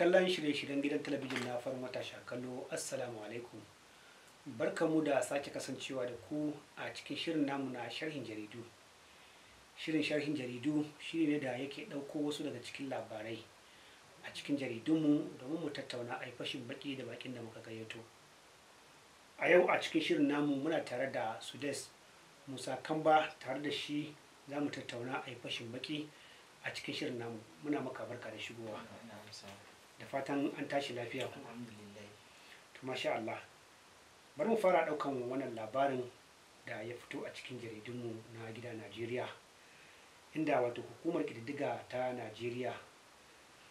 kallon shirye-shiryen gidan talabijin na farin wata shakalo assalamu alaikum barkamu da sake kasancewa da ku a cikin shirin namu na sharhin jaridu shirin sharhin jaridu shi ne da yake ɗauko wasu daga cikin labarai a cikin jaridunmu domin mu tattauna a fashin baki da bakin da muka gayyato a yau a cikin shirin namu muna tare da sudes musa kamba tare da shi za mu tattauna a fashin baki a cikin shirin namu muna maka barka da shigowa da fatan an tashi lafiya ku to masha Allah bari mu fara daukan wannan labarin da ya fito a cikin jaridunmu na gida Najeriya inda wato hukumar kididdiga ta Najeriya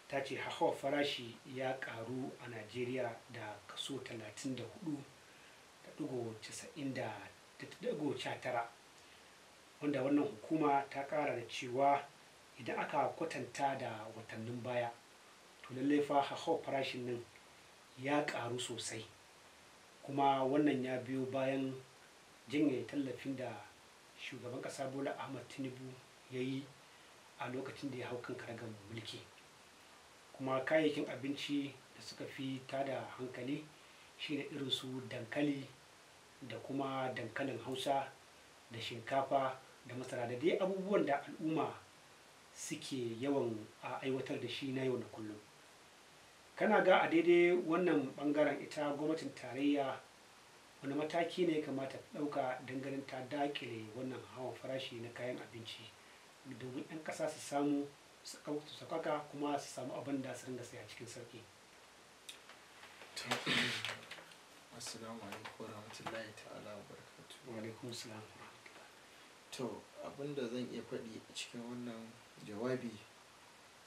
ta ce hawa farashi ya karu a Najeriya da kaso 34.99 wanda wannan hukuma ta kara da cewa idan aka kwatanta da watannin baya lallai fa hauhawar farashin nan ya ƙaru sosai kuma wannan ya biyo bayan janye tallafin da shugaban ƙasa bola ahmad tinubu ya yi a lokacin da ya hau kan karagan mulki kuma kayayyakin abinci da suka fi tada hankali shine irin su dankali da kuma dankalin hausa da shinkafa da masara da dai abubuwan da al'umma suke yawan aiwatar da shi na yau da kullum kana ga a daidai wannan bangaren ita gwamnatin tarayya wani mataki ne kamata ɗauka dangarin ta dakile wannan hawan farashi na kayan abinci domin 'yan ƙasa su samu su sakaka kuma su samu abin da su ringa saya cikin sarki. to abinda zan iya faɗi a cikin wannan jawabi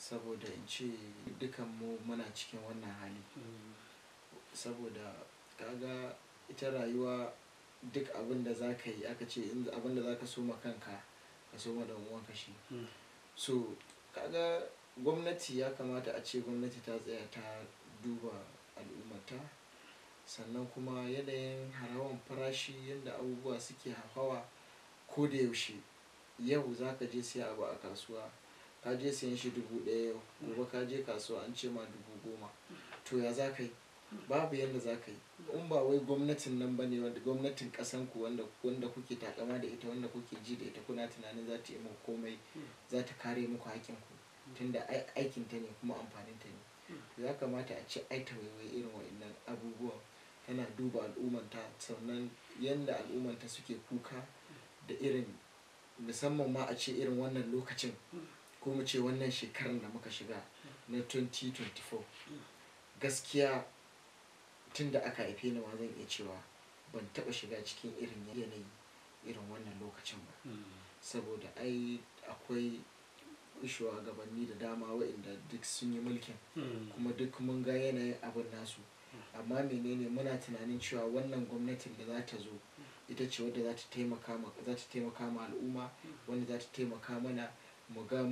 saboda in ce dukan mu muna cikin wannan hali saboda kaga ita rayuwa duk abin da za ka yi aka ce abin da za ka soma kanka ka soma da uwanka shi hmm. so kaga gwamnati ya kamata a ce gwamnati ta tsaya ta duba al'ummata sannan kuma yanayin harawan farashi yadda abubuwa suke hafawa ko da yaushe yau za ka je siya abu a kasuwa ka je sayan shi dubu ɗaya yau gobe ka je kasuwa an ce ma dubu goma to ya za ka yi babu yadda za ka yi in ba wai gwamnatin nan ba ne wanda gwamnatin ƙasan ku wanda kuke takama da ita wanda kuke ji da ita kuna tunanin za ta yi muku komai za ta kare muku hakkin ku tunda aikinta ne kuma amfanin ta ne ya kamata a ce ai tawaiwai irin wa'annan abubuwan tana duba al'ummanta sannan yadda al'ummanta suke kuka da irin musamman ma a ce irin wannan lokacin ko mu ce wannan shekarar da muka shiga na 2024 gaskiya tun da aka haife ni ma zan iya cewa ban taba shiga cikin irin yanayi irin wannan lokacin ba saboda ai akwai shugabanni da dama waɗanda duk sun yi mulkin kuma duk mun ga yanayin abin nasu amma menene muna tunanin cewa wannan gwamnatin da za ta zo ita ce wadda za ta taimaka ma al'umma wanda za ta taimaka mana mu ga eh,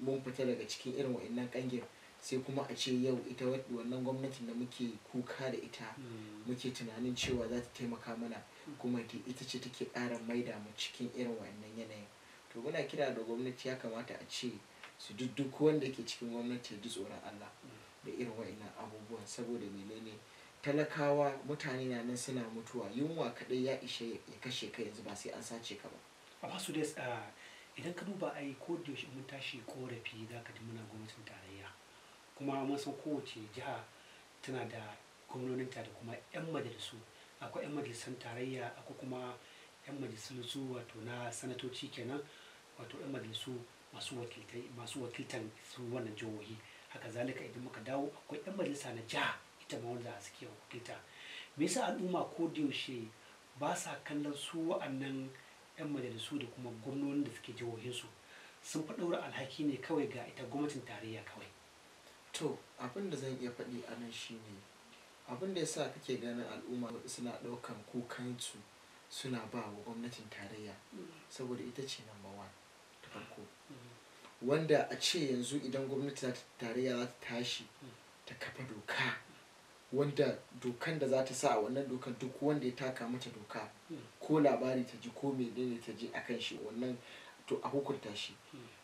mun fita daga cikin irin wa'annan kangin sai kuma a ce yau ita wannan gwamnatin da muke kuka da ita mm. muke tunanin cewa za ta taimaka mana kuma ita ce take ƙara maida mu cikin irin wa'annan yanayin to muna kira da gwamnati ya kamata a ce su duk wanda ke cikin gwamnati ji tsoron Allah da irin wa'annan abubuwan saboda menene talakawa mutane na nan suna mutuwa yunwa kadai ya ishe ya kashe ka yanzu ba sai an sace ka ba a da ah, idan ka duba ai ko da yaushe mun tashi korafi za ka ji muna gwamnatin tarayya kuma mun san kowace jiha tana da gwamnoninta da kuma 'yan majalisu akwai 'yan majalisan tarayya akwai kuma 'yan su wato na sanatoci kenan wato 'yan majalisu masu wakiltan su wannan jihohi haka zalika idan muka dawo akwai 'yan majalisa na jiha ita ma wanda suke wakilta me yasa al'umma ko da yaushe ba sa kallon su wa'annan 'yan majalisu da kuma gwamnonin da suke jihohin su, sun fa ɗaura alhaki ne kawai ga ita gwamnatin tarayya kawai to abin da zan iya faɗi a nan shine abin da yasa kake ganin al'umma suna ɗaukan kukansu suna ba wa gwamnatin tarayya saboda ita ce number one ta farko wanda a ce yanzu idan gwamnati tarayya za ta tashi ta kafa doka wanda dokan da za ta sa a wannan dokan duk wanda ya taka mata doka ko labari ta ji ko menene ta ji akan shi wannan to a hukunta shi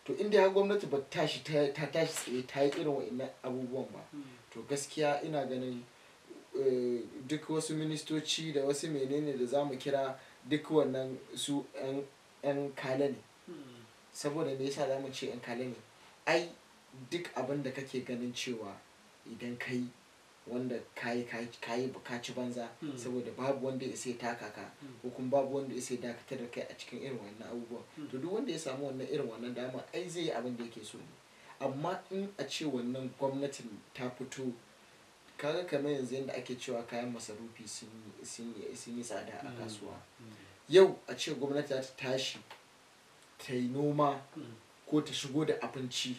to inda ya gwamnati ba tashi ta tashi tsaye ta yi irin wa'annan abubuwan ba to gaskiya ina ganin eh, duk wasu ministoci da wasu menene da za mu kira duk wannan su 'yan kala ne saboda me yasa za mu ce 'yan kala ne ai duk abin da kake ganin cewa idan ka wanda kayi kayi bukaci banza hmm. saboda babu wanda ya sai taka ka hmm. ko kuma babu wanda ya sai dakatar da kai a cikin irin wannan abubuwan hmm. to duk wanda ya samu wannan irin wannan dama ai zai yi abin da yake so amma in a ce wannan gwamnatin ta fito kaga kamar yanzu yadda ake cewa kayan masarufi sun yi tsada a kasuwa yau a ce gwamnati ta tashi ta yi noma ko ta shigo da abinci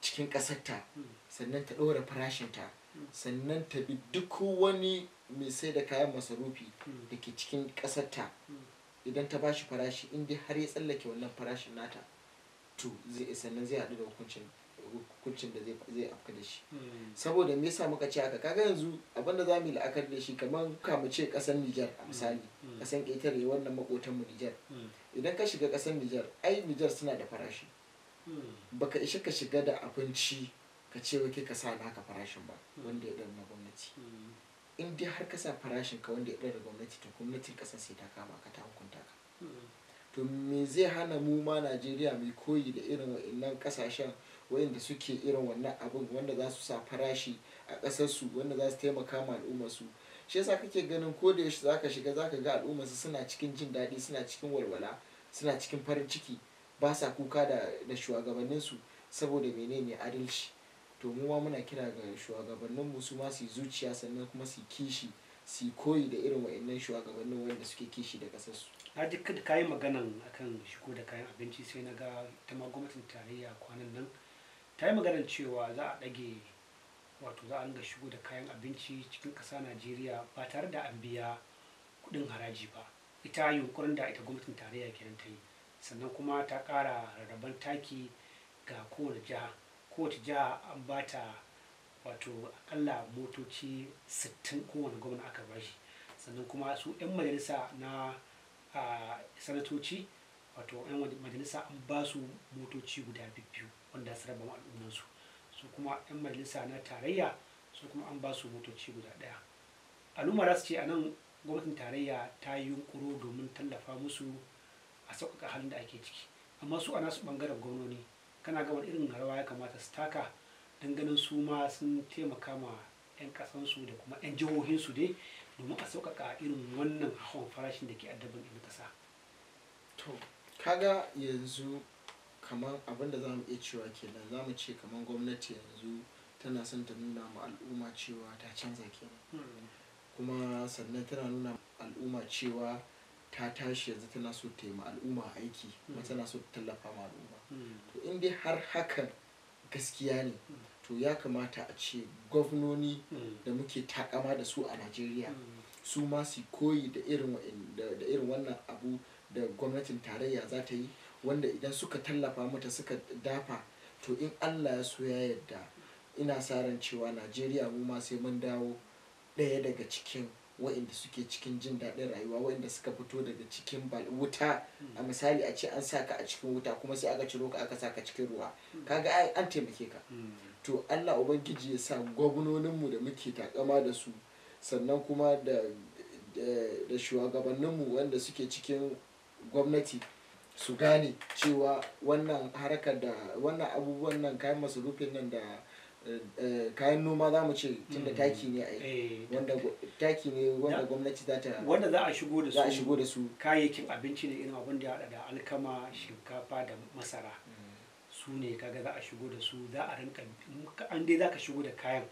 cikin kasarta sannan ta ɗora farashinta sannan ta bi duk wani mai sai da kayan masarufi hmm. da ke cikin ƙasarta hmm. idan ta bashi farashi inda har ya tsallake wannan farashin nata to sannan zai haɗu da hukuncin da zai afka da shi hmm. saboda me yasa muka ce haka kaga yanzu abinda da zamu yi la'akari da shi kamar mu ce kasar Nijar a misali kasan ƙetare wannan makotan mu Nijar idan ka shiga kasar Nijar ai Nijar suna da farashi baka ishe ka shiga da abinci ka ce wai kai ka sa naka farashin ba wanda ya na gwamnati mm. in dai har ka sa farashin ka wanda ya na gwamnati to gwamnatin ƙasa sai ta kama ka ta hukunta ka mm. to me zai hana mu ma Najeriya mai koyi da irin wa'annan ƙasashen wa'anda suke irin wannan abin wanda za su sa farashi a ƙasarsu wanda za su taimaka ma al'ummarsu shi yasa kake ganin ko da yaushe zaka shiga zaka ga al'ummarsu suna cikin jin daɗi suna cikin walwala suna cikin farin ciki ba sa kuka da shugabanninsu saboda menene adalci to mu ma muna kira ga shugabannin mu su ma su zuciya sannan kuma su kishi su koyi da irin wa'annan shugabannin wanda suke kishi da kasar su na ji kada kayi maganan akan shigo da kayan abinci sai na ga ta ma gwamnatin tarayya kwanan nan ta yi maganan cewa za a ɗage wato za a ringa shigo da kayan abinci cikin ƙasa najeriya ba tare da an biya kuɗin haraji ba ita yunkurin da ita gwamnatin tarayya kenan ta yi sannan kuma ta ƙara rarraban taki ga kowane jiha kowace jiha an ba ta wato akalla motoci 60 kowane gwamna aka ba shi sannan kuma su 'yan majalisa na sanatoci wato 'yan majalisa an ba su motoci guda biyu wanda su raba al'ummansu su kuma 'yan majalisa na tarayya su kuma an ba su motoci guda ɗaya al'umma za su ce a nan gwamnatin tarayya ta yi yunkuro domin tallafa musu a sauƙaƙa halin da ake ciki amma su a su ɓangaren gwamnoni kana gabar irin rawa ya kamata su taka don ganin su ma sun taimaka ma 'yan kasansu da kuma 'yan jihohinsu dai domin a sauƙaƙa irin wannan hawan farashin da ke addaban ɗin ƙasa. to kaga yanzu kamar abin da za mu iya cewa kenan za mu ce kamar gwamnati yanzu tana son ta nuna ma al'umma cewa ta canza kenan hmm. kuma sannan tana nuna al'umma cewa ta tashi yanzu tana so ta yi ma al'umma aiki kuma tana so ta tallafa ma al'umma hmm. to in dai har hakan gaskiya ne to ya kamata a ce gwamnoni hmm. da muke takama da su a najeriya hmm. su ma su koyi da irin wannan abu da gwamnatin tarayya za ta yi wanda idan suka tallafa mata suka dafa to in allah ya so ya yadda ina sa ran cewa najeriya mu ma sai mun dawo ɗaya daga cikin waɗanda suke cikin jin daɗin rayuwa waɗanda suka fito daga cikin wuta a misali a ce an sa ka a cikin wuta kuma sai aka ciro ka aka sa ka cikin ruwa kaga ai an taimake ka to Allah ubangiji ya sa mu da muke takama da su sannan kuma da da shugabanninmu wanda suke cikin gwamnati su gane cewa wannan harkar da wannan abubuwan nan kayan masarufin nan da Eh, kayan noma za mu ce tunda hmm. taki ne a eh, wanda taki ne wanda gwamnati za ta wanda za a shigo da su za a shigo da su kayayyakin abinci ne irin abin da ya da alkama shinkafa da masara hmm. su ne kaga za a shigo da su za a rinka an dai za ka shigo da kayan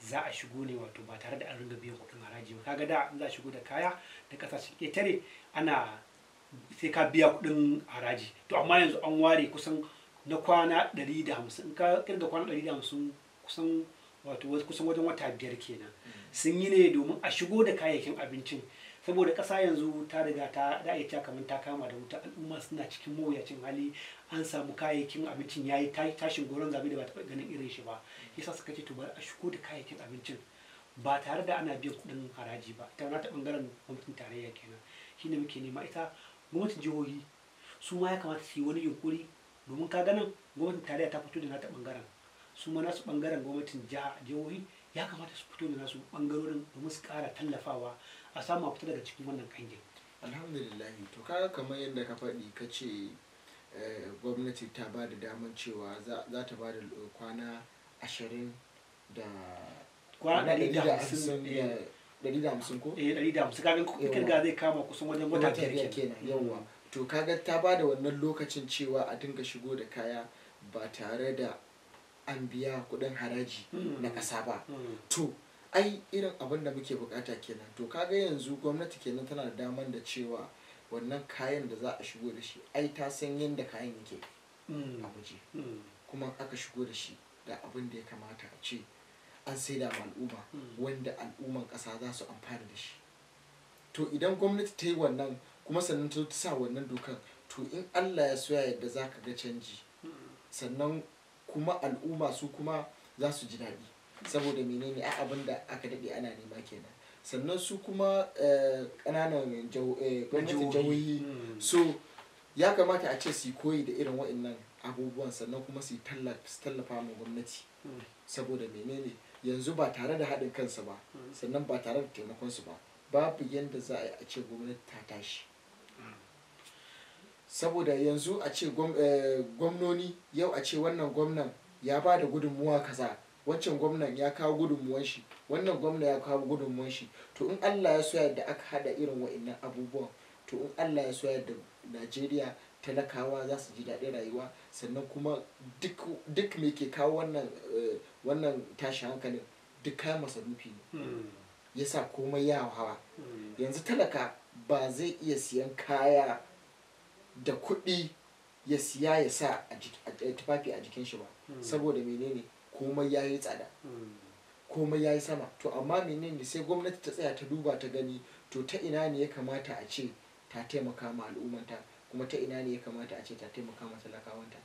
za a shigo ne wato ba tare da an rinka biyan kuɗin haraji ba kaga da za a shigo da kaya da kasashen ƙetare ana sai ka biya kuɗin haraji to amma yanzu an ware kusan na kwana 150 in ka kirga kwana 150 kusan wato kusan wajen wata biyar kenan mm. sun yi ne domin a shigo da kayayyakin abincin saboda ƙasa yanzu ta riga ta ra'ayi ta kamar ta kama da wuta al'umma suna cikin mawuyacin hali an samu kayayyakin abincin ya yi tashin goron zabe da ba taɓa ganin irin shi ba yasa suka ce to bari a shigo da kayayyakin abincin ba tare da ana biyan kuɗin haraji ba ta ta ɓangaren gwamnatin tarayya kenan shine muke nema ita gwamnatin jihohi su ma ya kamata su yi wani yunkuri domin ka ganin gwamnatin tarayya ta fito da nata bangaren su ma nasu bangaren gwamnatin jihohi ya kamata su fito da nasu bangarorin domin su kara tallafawa a samu a fita daga cikin wannan kangin alhamdulillah to kaga kamar yadda ka faɗi ka ce eh, gwamnati ta ba da daman cewa za ta ba da eh, kwana ashirin da kwana ɗari da hamsin ko? ɗari da hamsin zai kama kusan wajen wata biyar kenan yawwa mm. to kaga ta ba da wannan lokacin cewa a dinga shigo da kaya ba tare da an biya kudin haraji hmm. na ƙasa ba hmm. to ai irin abin da muke bukata kenan to kaga yanzu gwamnati kenan tana da daman da cewa wannan kayan da za a shigo da shi ai ta san yadda kayan yake hmm. a waje kuma aka shigo da shi da abin da ya kamata a ce an sai da al'umma wanda al'umman ƙasa za su amfana da shi to idan gwamnati ta yi wannan kuma sannan ta sa wannan dokar to in Allah ya soya yadda za ka ga canji sannan kuma al'umma su kuma za su ji daɗi saboda menene a abin da aka daɗe ana nema kenan sannan su kuma eh, ƙananan eh, gwamnatin jawoyi hmm. so ya kamata a ce su koyi da irin waɗannan abubuwan sannan kuma su tallafa ma gwamnati hmm. saboda menene yanzu ba tare da haɗin kansa ba hmm. sannan ba tare da taimakonsu ba babu yadda za yi a ce gwamnati ta tashi saboda yanzu a ce eh, gwamnoni yau a ce wannan gwamnan ya ba da gudunmuwa kaza wancan gwamnan ya kawo gudunmuwan shi wannan gwamnan ya kawo gudunmuwan shi to in allah ya soya da aka hada irin wa'annan abubuwan to in allah ya soya da najeriya talakawa za su ji daɗin rayuwa sannan kuma duk me ke kawo wannan eh, wannan tashin hankalin duk kayan masarufi ne hmm. yasa komai ya hawa hmm. yanzu talaka ba zai iya siyan kaya da kuɗi ya siya ya sa tufafi a jikin shi ba hmm. saboda menene komai ya yi tsada hmm. komai ya yi sama to amma menene sai gwamnati ta tsaya ta duba ta gani to ta ina ne ya kamata a ce ta taimaka ma al'ummanta kuma ta ina ne ya kamata a ce ta taimaka ma talakawanta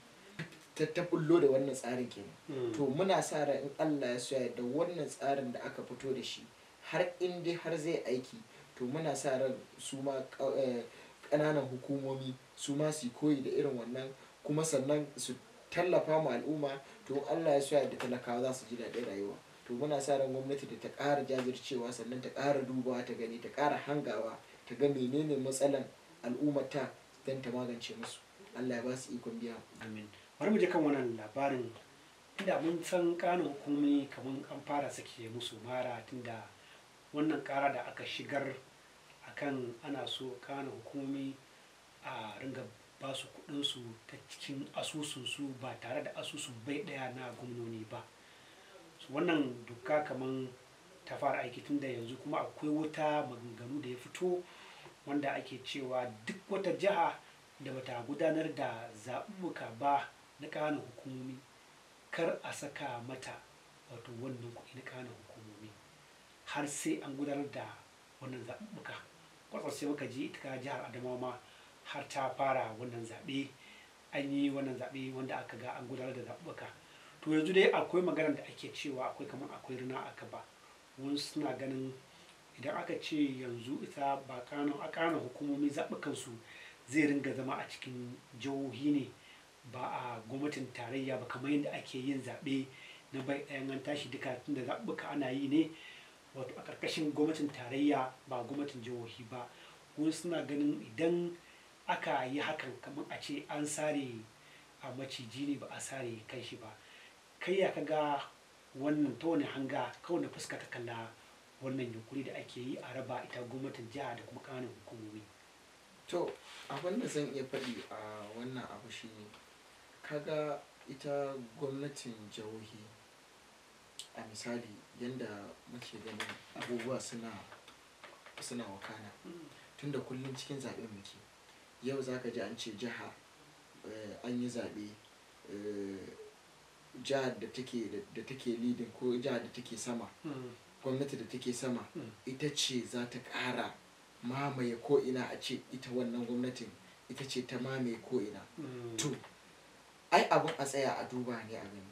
ta ta bullo da wannan tsarin kenan hmm. to muna sa ran in Allah ya so da wannan tsarin da aka fito da shi har in har zai aiki to muna sa ran su ma eh, ƙananan hukumomi su ma su koyi da irin wannan kuma sannan su tallafa ma al'umma to Allah ya soya da talakawa za su ji daɗin rayuwa to muna sa ran gwamnati da ta ƙara jajircewa sannan ta ƙara dubawa ta gani ta ƙara hangawa ta ga menene matsalan ta don ta magance musu Allah ya ba su ikon biya amin bari mu je kan wannan labarin inda mun san ƙanin hukumomi kamar an fara sake musu mara tunda wannan ƙara da aka shigar kan ana so kana hukumomi a ringa ba su kudinsu ta cikin asusunsu ba tare da asusun bai daya na gwamnoni ba wannan duka kamar ta fara aiki tun da yanzu kuma akwai wuta maganganu da ya fito wanda ake cewa duk wata jiha da bata gudanar da zaɓuɓɓuka ba na kana hukumomi kar a saka mata wato wannan kuɗi na kana hukumomi har sai an gudanar da wannan zaɓuɓɓuka kwatsar sai muka ji ta jihar adamawa ma har ta fara wannan zaɓe an yi wannan zaɓe wanda aka ga an gudanar da zaɓuɓɓuka to yanzu dai akwai maganar da ake cewa akwai kamar akwai rina aka ba wani suna ganin idan aka ce yanzu ita ba a kanon hukumomi zaɓukansu zai ringa zama a cikin jihohi ne ba a gwamnatin tarayya ba kamar yadda ake yin zaɓe na bai ɗayan an tashi duka tun tunda zaɓuɓɓuka ana yi ne wato a ƙarƙashin gwamnatin tarayya ba gwamnatin jihohi ba wani suna ganin idan aka yi hakan kamar a ce an sare a maciji ne ba a sare kan shi ba kai ya ka ga wannan ta wani hanga kawai fuska ta kalla wannan yunkuri da ake yi a raba ita gwamnatin jiha da kuma ƙananan hukumomi to abin da zan iya faɗi a wannan abu shi kaga ita gwamnatin jihohi a misali yadda muke ganin abubuwa suna suna wakana mm. tunda kullum cikin zaɓen muke yau za ka ji an ce jiha eh, an yi zaɓe eh, jihar da take lidin ko jihar da take sama mm. gwamnati da take sama mm. ita ce za ta ƙara mamaye ko'ina a ce ita wannan gwamnatin ita ce ta mamaye ko'ina to ai abun a tsaya a duba ne a gani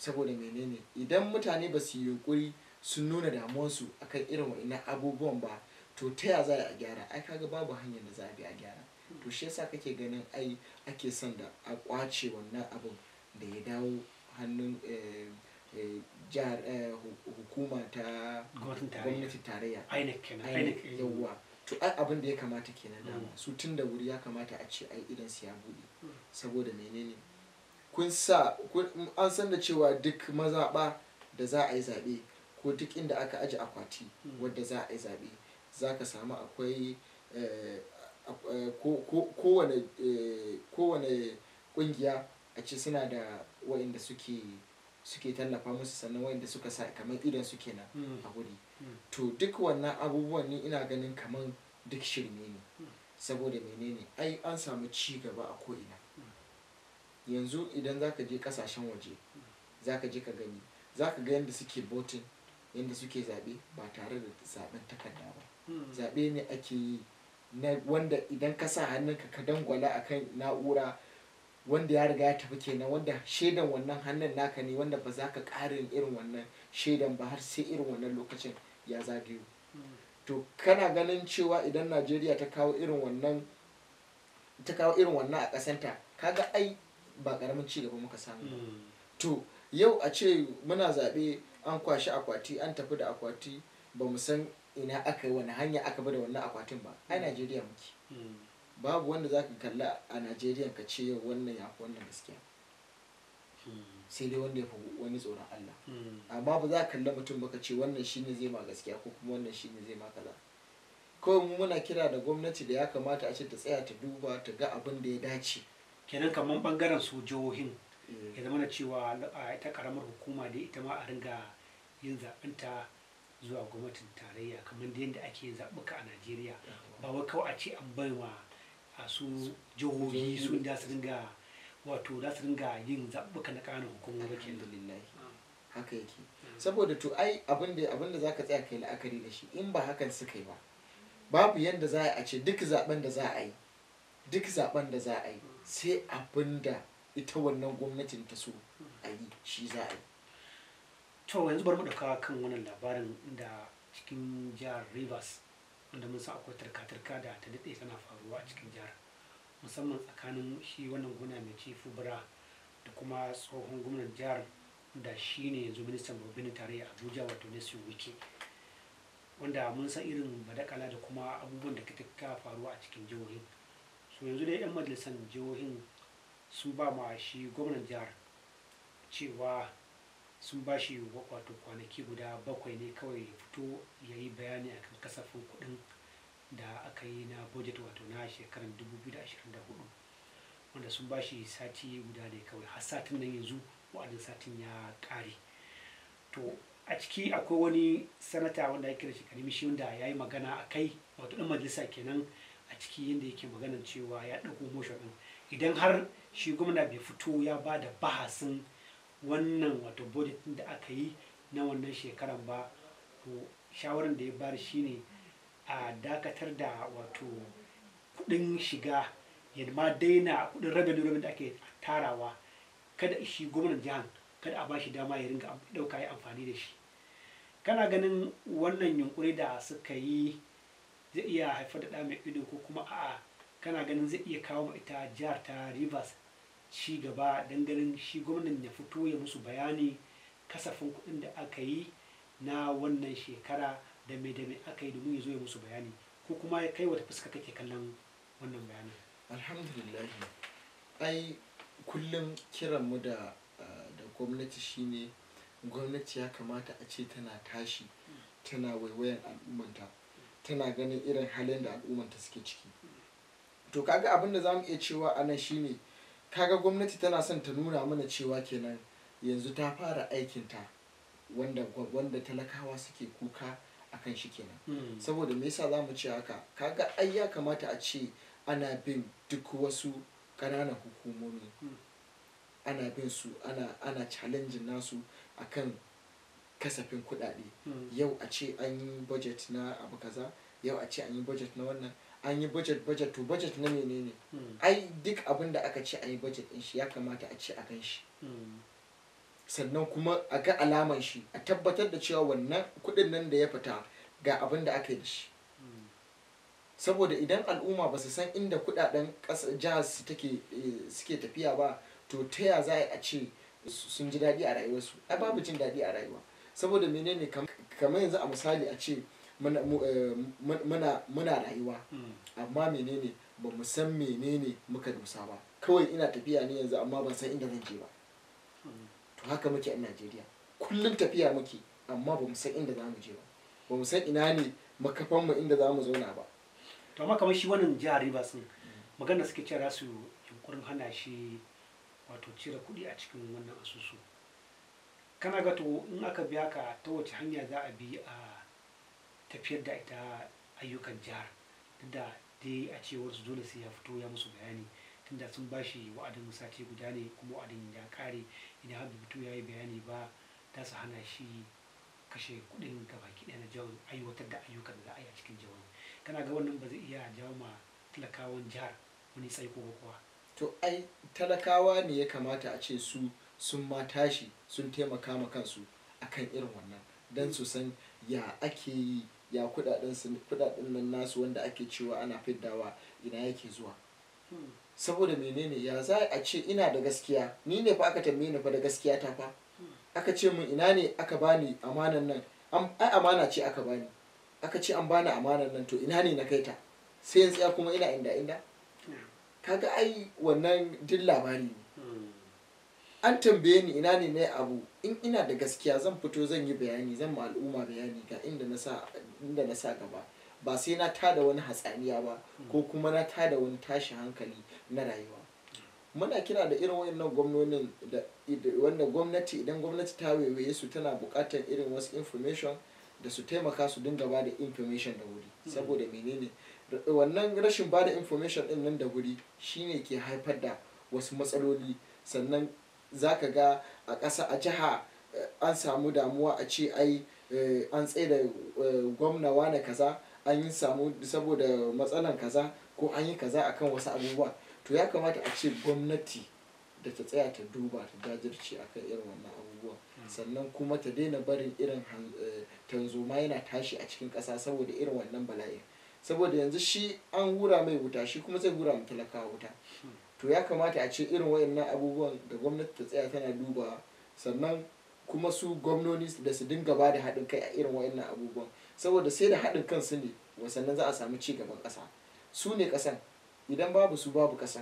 saboda menene idan mutane ba su yi yunkuri sun nuna damuwarsu akan irin wa'ina abubuwan ba to ta ya za a gyara ai kaga babu hanyar da za a bi a gyara to shi yasa kake ganin ai ake son da a kwace wannan abun da ya dawo hannun eh, eh, eh, hukuma ta gwamnati tarayya inec yawwa to ai abin da ya kamata kenan mm. dama su tun da wuri ya kamata a ce ai idan su ya buɗe mm. saboda menene kun sa an san da cewa duk mazaɓa da za a yi zaɓe ko duk inda aka aji akwati wadda za a yi zaɓe za ka samu akwai eh, eh, eh, kowane ƙungiya a ce suna da wa'inda suke suke tallafa musu sannan wa'inda suka sa kamar idan suke na hmm. a wuri hmm. to duk wannan abubuwan ni ina ganin kamar duk shirme ne hmm. saboda menene ai an samu ci gaba a ko'ina yanzu idan za je kasashen waje za ka je ka gani za ga yadda suke voting yadda suke zaɓe ba tare da zaɓen takarda ba hmm. zaɓe ne ake yi na wanda idan ka sa hannunka ka dangwala akan na'ura wanda ya riga ya tafi kenan wanda shaidan wannan hannun naka ne wanda ba za ka ƙarin irin wannan shaidan ba har sai irin wannan lokacin ya zagayo hmm. to kana ganin cewa idan najeriya ta kawo irin wannan ta kawo irin wannan a ƙasanta kaga ai ba karamin ci gaba muka samu ba hmm. to yau a ce muna zaɓe an kwashi akwati an tafi da akwati ba mu san ina aka yi wani hanya aka bi da wannan akwatin ba ai hmm. najeriya muke hmm. babu wanda za ka kalla a najeriya ka ce yau wannan ya fi wannan gaskiya sai dai wanda ya fi wani tsoron allah amma ba za ka kalla mutum ba ka ce wannan shine zai ma gaskiya ko kuma wannan shine zai ma kaza kawai mu muna kira da gwamnati da ya kamata a ce ta tsaya ta duba ta ga abin da ya dace kenan kamar bangaren su jihohin eh. ya zama na cewa ita karamar hukuma da ita ma a ringa yin zaɓinta zuwa gwamnatin tarayya kamar da yadda ake zaɓuka a najeriya ba wai kawai a ce an bai wa su jihohi su da su ringa wato da su ringa yin zaɓuka na ƙananan hukumomi kenan mm. haka yake mm. saboda to ai da za ka zaka tsaya kai la'akari da shi in ba hakan suka yi ba babu yadda za a ce duk zaben da za yi duk zaben da za a yi sai abin da ita wannan gwamnatin ta so a yi shi za a yi to yanzu bari mu kan wannan labarin da cikin jihar rivers wanda mun san akwai tarka-tarka da ta daɗe tana faruwa a cikin jihar musamman tsakanin shi wannan gwamna mai ci fubura da kuma tsohon gwamnan jihar da shi ne yanzu ministan babban tarayya abuja wato nesin wike wanda mun san irin badakala da kuma abubuwan da ka faruwa a cikin jihohin to yanzu dai 'yan majalisar jihohin su ba ma shi gwamnan jihar cewa sun ba shi wato kwanaki guda bakwai ne kawai ya fito ya yi bayani akan kasafin kuɗin da aka yi na budget wato na shekarar 2024 wanda sun ba shi sati guda ne kawai har satin nan yanzu wa'adin satin ya ƙare to a ciki akwai wani sanata wanda ya kira shi karimi wanda ya yi magana a kai wato ɗan majalisa kenan a ciki yadda yake maganin cewa ya dauko motion ɗin idan har shi gwamna bai fito ya ba da bahasin wannan wato budget da aka yi na wannan shekaran ba to shawarar da ya bari shine a dakatar da wato kudin shiga ya ma daina kudin raga revenue da ake tarawa kada shi gwamnan jihar kada a bashi dama ya ringa dauka ya amfani da shi kana ganin wannan yunkuri da suka yi zai iya haifar da ɗa mai ido ko kuma a'a kana ganin zai iya kawo ma ita jihar ta rivers ci gaba don ganin shi gwamnan ya fito ya musu bayani kasafin kuɗin da aka yi na wannan shekara da mai da mai aka yi domin ya zo ya musu bayani ko kuma ya kai wata fuska kake kallon wannan bayanin alhamdulillah ai kullum kiran mu da ah, da gwamnati shine gwamnati ya kamata a ce tana tashi hmm. tana waiwayan al'ummanta tana ganin irin halin da al'ummanta suke ciki to kaga abin da za mu iya cewa a nan shine kaga gwamnati tana son ta nuna mana cewa kenan yanzu ta fara aikinta wanda wanda talakawa suke kuka akan shi kenan hmm. saboda me yasa zamu mu ce haka kaga ai ya kamata a ce ana bin duk wasu ƙananan hukumomi hmm. ana bin su ana ana challenging nasu akan kasafin kuɗaɗe hmm. yau a ce an yi budget na abu kaza yau a ce an yi budget na wannan an yi budget budget to budget na menene hmm. ai duk abin da aka ce an yi budget din shi ya kamata a ce a gan shi hmm. sannan kuma a ga alaman shi a tabbatar da cewa wannan kuɗin nan da ya fita ga abin da aka yi shi saboda idan al'umma ba su san inda kuɗaɗen jihar su take eh, suke tafiya ba to ta ya za a ce sun ji daɗi a rayuwarsu ai babu jin daɗi a rayuwa saboda menene kamar yanzu a misali a ce muna eh, rayuwa hmm. amma menene ba mu san menene muka dusa ba kawai ina tafiya ne yanzu amma ban san inda zan je ba hmm. to haka muke a Najeriya kullum tafiya muke amma ba mu san inda za mu je ba ba mu san ina ne makafan mu inda za mu zauna ba to amma kamar shi wannan jihar Rivers ne hmm. magana suke cewa su yunkurin hana shi wato cire kuɗi a cikin wannan asusu kana ga to in aka biya ka ta wace hanya za a bi a tafiyar da ita ayyukan jihar da dai a cewar su dole sai ya fito ya musu bayani tunda sun ba shi wa'adin sati guda ne kuma wa'adin ya kare idan har fito ya yi bayani ba ta su hana shi kashe kuɗin gabaki ɗaya na jawon aiwatar da ayyukan da za a yi a cikin jawon kana ga wannan ba zai iya jawo ma talakawan jihar wani tsaiko ko kuwa to ai talakawa ne ya kamata a ce su sun ma tashi sun taimaka ma kansu akan irin wannan don su san ya ake yi ya kudaden nan nasu wanda ake cewa ana fiddawa ina yake zuwa saboda menene ya za a ce ina da gaskiya ni ne fa aka tambaye ni fa da gaskiya ta fa aka ce min ina ne aka bani amanan nan ai amana ce aka bani aka ce an bani amanan nan to ina ne na kai ta sai in tsaya kuma ina inda inda kaga ai wannan din labari ne an tambaye ni ina ne ne abu in ina da gaskiya zan fito zan yi bayani zan ma al'umma bayani ga inda na sa gaba ba sai na tada wani hatsaniya ba ko kuma na tada wani tashi hankali na rayuwa muna kira da irin wannan gwamnonin da wanda gwamnati idan gwamnati ta waiwaye su tana bukatar irin wasu information da su taimaka su dinga ba da information da wuri hmm. saboda menene wannan rashin ba da information din nan da wuri shine ke haifar da wasu matsaloli sannan za ka ga a ƙasa a jiha eh, an samu damuwa a ce ai eh, an tsaye da eh, gwamna wane kaza an yi samu saboda matsalan kaza ko an yi kaza akan wasu abubuwa to ya kamata a ce gwamnati da ta tsaya ta duba ta akan irin wannan abubuwa sannan kuma ta daina barin irin tanzoma yana tashi a cikin ƙasa saboda irin wannan bala'in saboda yanzu shi an hura mai wuta shi kuma zai hura mu talakawa wuta to ya kamata a ce irin wayannan abubuwan da gwamnati ta tsaya tana dubawa sannan kuma su gwamnoni da su dinga ba da haɗin kai a irin wayannan abubuwan saboda sai da haɗin kansu ne wasannan za a samu ci gaban ƙasa su ne ƙasan idan babu su babu ƙasa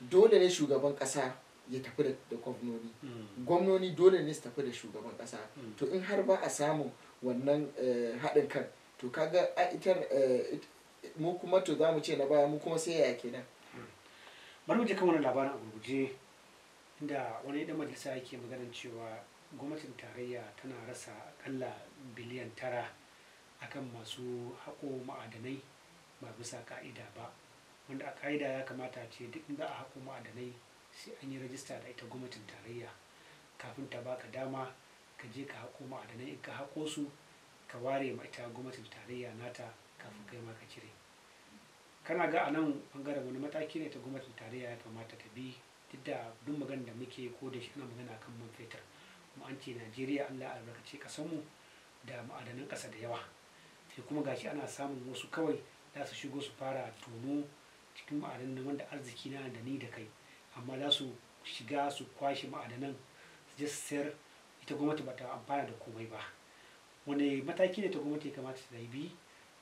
dole ne shugaban ƙasa ya tafi da gwamnoni mm. gwamnoni dole ne su tafi da shugaban ƙasa mm. to in har ba a samu wannan eh, haɗin kan to kaga a itar eh, mu kuma to za mu ce na baya mu kuma sai ya kenan bari mu je kan wani labarin a gurguje inda wani dan majalisa yake maganar cewa gwamnatin tarayya tana rasa akalla biliyan tara akan masu haƙo ma'adanai ba bisa ka'ida ba wanda a ka'ida ya kamata ce duk inda a haƙo ma'adanai sai an yi rajista da ita gwamnatin tarayya kafin ta baka dama ka je ka haƙo ma'adanai in ka haƙo su ka ware ma ita gwamnatin tarayya nata kafin kai ma ka cire kana ga anan bangaren wani mataki ne ta gwamnatin tarayya ya kamata ta bi duk da duk magana da muke ko da shi ana magana kan man fetur kuma an ce najeriya allah albarkace kasanmu da ma'adanan kasa da yawa sai kuma gashi ana samun wasu kawai za su shigo su fara tono cikin ma'adanan wanda arziki na da ni da kai amma za su shiga su kwashe ma'adanan su je sayar ita gwamnati ba ta amfana da komai ba wani mataki ne ta gwamnati ya kamata ta bi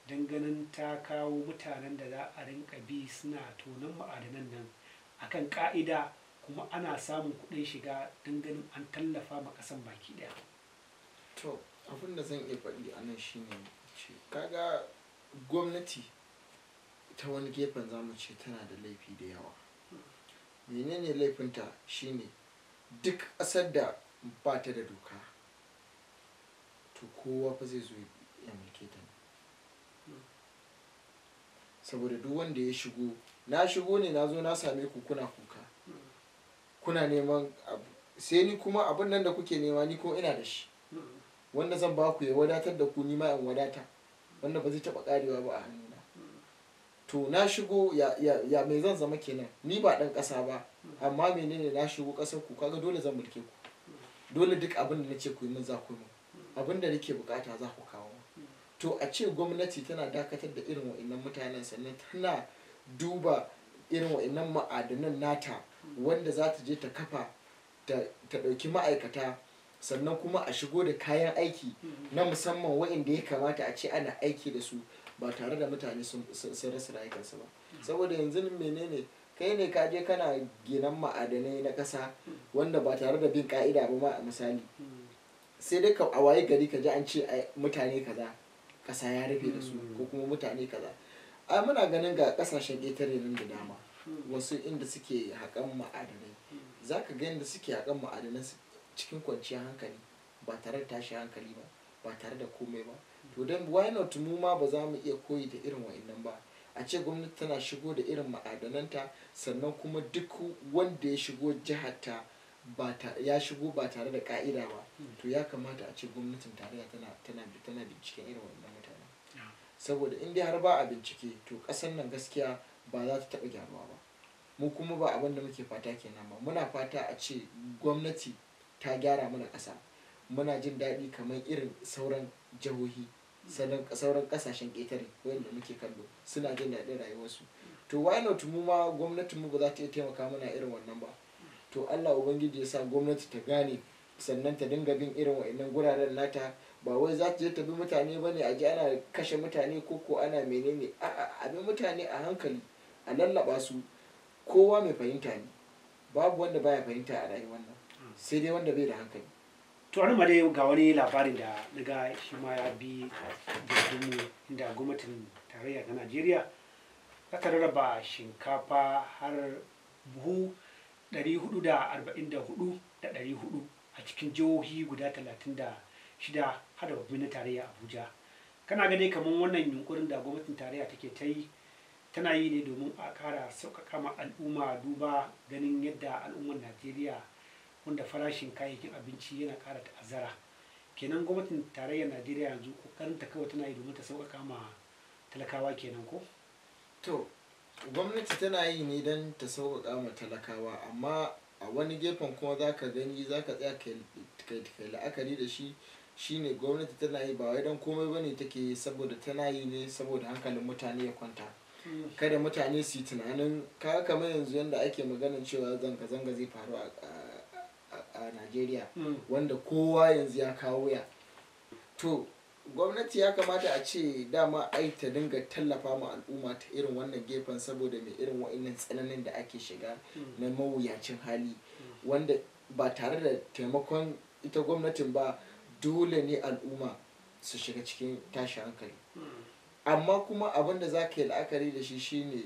don ganin ta kawo mutanen da za a rinka bi suna tonon ma'adanan nan akan ka'ida kuma ana samun kuɗin shiga don ganin an tallafa ma ƙasan baki ɗaya. to abin da zan iya faɗi a nan shine kaga gwamnati ta wani gefen zamu ce tana da laifi da yawa menene laifinta shine duk ƙasar da ba ta da doka to kowa fa zai zo ya mulke ta saboda duk wanda ya shigo na shigo ne na zo na same ku kuna kuka kuna neman abu sai ni kuma abin nan da kuke nema ni ko ina da shi wanda zan ba ku ya wadatar da ku ni ma in wadata wanda ba zai taɓa karewa ba a hannuna to na shigo ya, ya, ya mai zan zama kenan ni ba ɗan ƙasa ba amma menene na shigo ƙasar ku kaga dole zan mulke ku dole duk abin da na ku yi min za ku yi abin da nake bukata za ku kawo to a ce gwamnati tana dakatar da irin wa'annan mutanen sannan tana duba irin wa'annan ma'adanan nata wanda za ta je ta kafa ta ɗauki ma'aikata sannan kuma a shigo da kayan aiki na musamman wa'anda ya kamata a ce ana aiki da su ba tare da mutane sun rasa rayukansu ba saboda yanzu menene kai ne ka je kana ginan ma'adanai na ƙasa wanda ba tare da bin ka'ida ba ma a misali sai dai ka a waye gari ka ji an ce mutane kaza kasa ya rufe da su hmm. ko kuma mutane kaza a muna ganin ga kasashen ƙetare nan da dama hmm. wasu inda suke haƙan ma'adanai hmm. za ka ga inda suke haƙan ma'adanan cikin kwanciyar hankali ba tare da tashi hankali ba ba tare da komai ba to don why not mu ma ba za mu iya koyi da irin wa'annan ba a ce gwamnati tana shigo da irin ma'adananta sannan kuma duk wanda ya shigo jihata ya shigo ba tare da ka'ida ba to ya kamata a ce gwamnatin tarayya tana binciken irin wannan saboda in dai har ba a bincike to ƙasar nan gaskiya ba za ta taɓa gyaruwa ba mu kuma ba abin da muke fata kenan ba muna fata a ce gwamnati ta gyara mana ƙasa muna jin daɗi kamar irin sauran jihohi sauran ƙasashen ƙetare wanda muke kallo suna jin daɗin rayuwarsu to why not mu ma gwamnatin mu ba za ta iya taimaka mana irin wannan ba to Allah ubangiji ya sa gwamnati ta gane sannan ta dinga bin irin wa'annan guraren nata ba wai za ta je ta bi mutane ba ne a ji ana kashe mutane ko ko ana menene a'a a bi mutane a hankali a lallaba su kowa mai fahimta ne babu wanda baya fahimta a rayuwar nan sai dai wanda bai da hankali to ma dai ga wani labarin da daga shi ma ya bi jirginmu da gwamnatin tarayya ta najeriya aka rarraba shinkafa har buhu 444 da 400 a cikin jihohi guda 36 hada babbi na tarayya abuja kana gane kamar wannan yunkurin da gwamnatin tarayya take ta yi tana yi ne domin a kara sauƙaƙa ma al'umma duba ganin yadda al'umman najeriya wanda farashin kayayyakin abinci yana ƙara ta'azzara kenan gwamnatin tarayya najeriya yanzu ƙoƙarin ta kawai tana yi domin ta sauƙaƙa ma talakawa kenan ko to gwamnati tana yi ne don ta sauƙaƙa ma talakawa amma a wani gefen kuma za ka gani za ka tsaya kai la'akari da shi shine gwamnati tana yi ba wai don komai bane take yi saboda tana yi ne saboda hankalin mutane ya kwanta kada mutane su yi tunanin kaga kamar yanzu yadda ake maganin cewa zanga-zanga zai faru a najeriya wanda kowa yanzu ya kawo ya to gwamnati ya kamata a ce dama ai ta dinga tallafa ma al'umma ta irin wannan gefen saboda mai irin wa'annan tsananin da ake shiga na mawuyacin hali wanda ba tare da taimakon ita gwamnatin ba dole ne al'umma su shiga cikin tashi hankali hmm. amma kuma abin da za ka yi la'akari da shi shine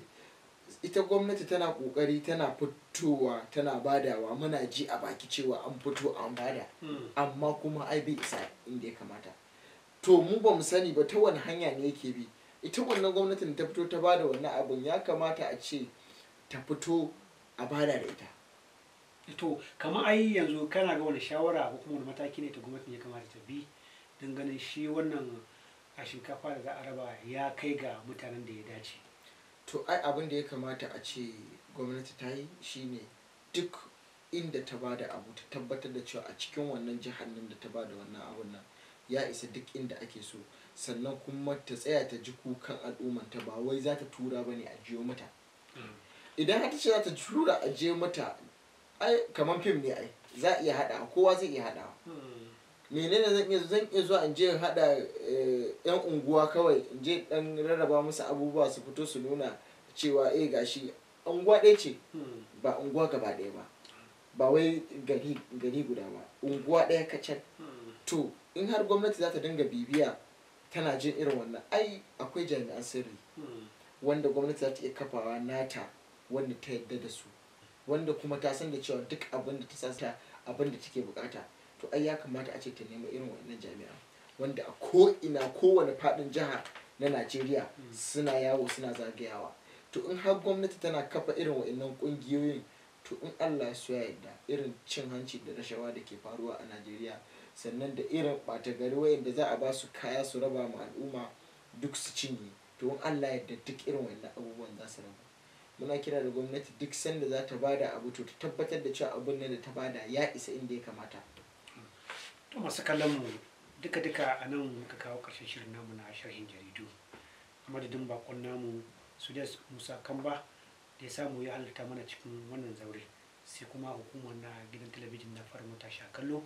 ita gwamnati tana kokari tana fitowa tana badawa muna ji a baki cewa an fito an bada hmm. amma kuma ai bai isa inda ya kamata to mu ba mu sani ba ta wani hanya ne yake bi ita wannan gwamnatin ta fito ta bada wannan abun ya kamata a ce ta fito a bada da ita to kamar ai yanzu kana ga wani shawara ko kuma wani mataki ne ta gwamnati ya kamata ta bi don ganin shi wannan a shinkafa da za a raba ya kai ga mutanen da ya dace to ai abin da ya kamata a ce gwamnati ta yi shine duk inda ta ba da abu ta tabbatar da cewa a cikin wannan jihar nan da ta ba da wannan abun nan ya isa duk inda ake so sannan kuma ta tsaya ta ji kukan ta ba wai za ta tura ba ne a jiyo mata mm. idan har ta ce za ta tura a jiyo mata ai kamar fim ne ai za a iya haɗawa kowa zai iya haɗawa hmm. menene zan iya zan iya zuwa in je in haɗa yan eh, unguwa kawai in je dan rarraba musu abubuwa su fito su nuna cewa eh gashi unguwa ɗaya ce hmm. ba unguwa gaba ɗaya ba ba wai gari gari guda ba unguwa ɗaya kacal hmm. to in har gwamnati za ta dinga bibiya tana jin irin wannan ai akwai jami'an sirri wanda gwamnati za ta iya kafawa nata wanda ta yadda da su wanda kuma ta san da cewa duk abin da ta sasa abin da take bukata to ai ya kamata a ce ta nemi irin wannan jami'a wanda a ko ina kowane faɗin jiha na Najeriya hmm. suna yawo suna zagayawa to in har gwamnati tana kafa irin wa'annan kungiyoyin to in Allah ya ya yadda irin cin hanci da rashawa da ke faruwa a Najeriya sannan da irin ɓata gari wa'anda za a ba su kaya su raba ma al'umma duk su cinye to in Allah ya yadda duk irin wa'annan abubuwan za su raba muna kira da gwamnati duk sanda za ta bada abu to ta tabbatar da cewa abun nan da ta bada ya isa inda ya kamata to masu kallon mu duka duka a nan muka kawo karshen shirin namu na sharhin jaridu da madadin bakon namu sudes musa kamba da ya samu ya halarta mana cikin wannan zaure sai kuma hukumar na gidan talabijin na fara sha kallo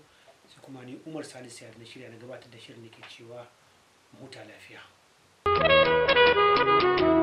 sai kuma ni umar salisu ya na shirya na gabatar da shirin da ke cewa huta lafiya thank you